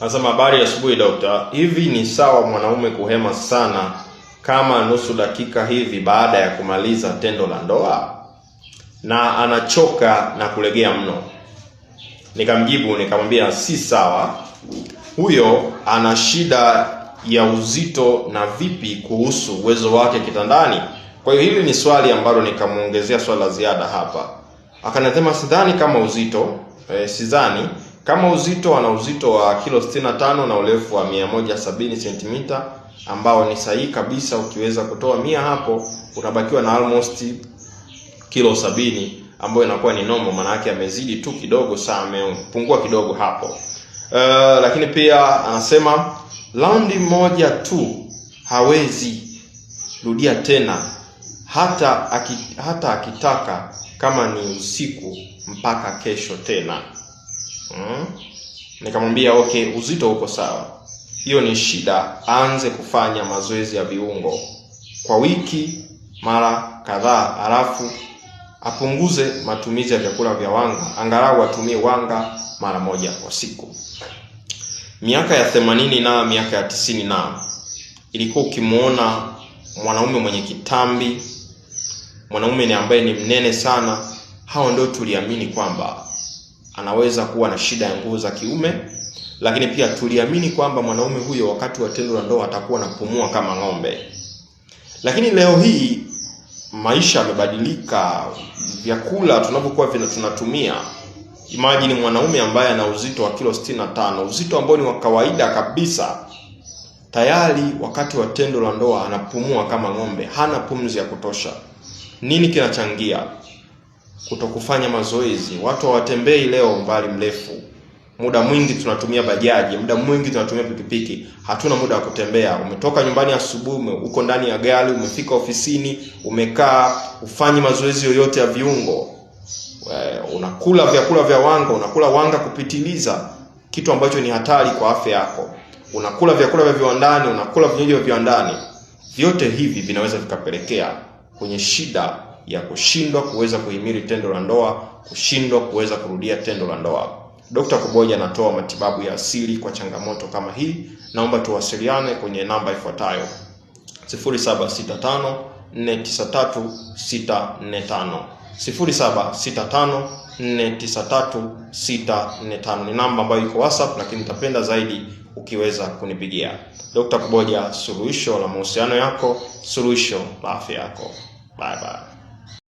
Anasema habari asubuhi dokta, hivi ni sawa mwanaume kuhema sana kama nusu dakika hivi baada ya kumaliza tendo la ndoa na anachoka na kulegea mno? Nikamjibu nikamwambia si sawa, huyo ana shida ya uzito. Na vipi kuhusu uwezo wake kitandani? Kwa hiyo hili ni swali ambalo nikamwongezea swali la ziada hapa. Akanasema sidhani kama uzito eh, sidhani kama uzito wana uzito wa kilo 65 na urefu wa 170 cm ambao ni sahihi kabisa. Ukiweza kutoa mia hapo, unabakiwa na almost kilo sabini ambayo inakuwa ni nomo maana yake amezidi tu kidogo saa amepungua kidogo hapo. Uh, lakini pia anasema raundi moja tu hawezi rudia tena hata, hata akitaka kama ni usiku mpaka kesho tena. Mm? Nikamwambia okay, uzito uko sawa, hiyo ni shida, aanze kufanya mazoezi ya viungo kwa wiki mara kadhaa, halafu apunguze matumizi ya vyakula vya wanga, angalau atumie wanga mara moja kwa siku. Miaka ya themanini na miaka ya tisini na ilikuwa ukimuona mwanaume mwenye kitambi, mwanaume ni ambaye ni mnene sana, hao ndio tuliamini kwamba anaweza kuwa na shida ya nguvu za kiume, lakini pia tuliamini kwamba mwanaume huyo wakati wa tendo la ndoa atakuwa anapumua kama ng'ombe. Lakini leo hii maisha yamebadilika, vyakula tunavyokuwa tunatumia. Imagine mwanaume ambaye ana uzito wa kilo 65, uzito ambao ni wa kawaida kabisa, tayari wakati wa tendo la ndoa anapumua kama ng'ombe, hana pumzi ya kutosha. Nini kinachangia? kutokufanya mazoezi. Watu hawatembei leo mbali mrefu, muda mwingi tunatumia bajaji, muda mwingi tunatumia pikipiki, hatuna muda wa kutembea. Umetoka nyumbani asubuhi, uko ndani ya gari, umefika ofisini, umekaa, ufanyi mazoezi yoyote ya viungo. Eh, unakula vyakula vya wanga, unakula wanga kupitiliza, kitu ambacho ni hatari kwa afya yako. Unakula vyakula vya viwandani, unakula vinywaji vya viwandani. Vyote hivi vinaweza vikapelekea kwenye shida ya kushindwa kuweza kuhimili tendo la ndoa, kushindwa kuweza kurudia tendo la ndoa. Dr. Kuboja anatoa matibabu ya asili kwa changamoto kama hii. Naomba tuwasiliane kwenye namba ifuatayo 0765493645 0765493645 ni namba ambayo iko WhatsApp, lakini nitapenda zaidi ukiweza kunipigia. Dr. Kuboja, suluhisho la mahusiano yako, suluhisho la afya yako. Bye bye.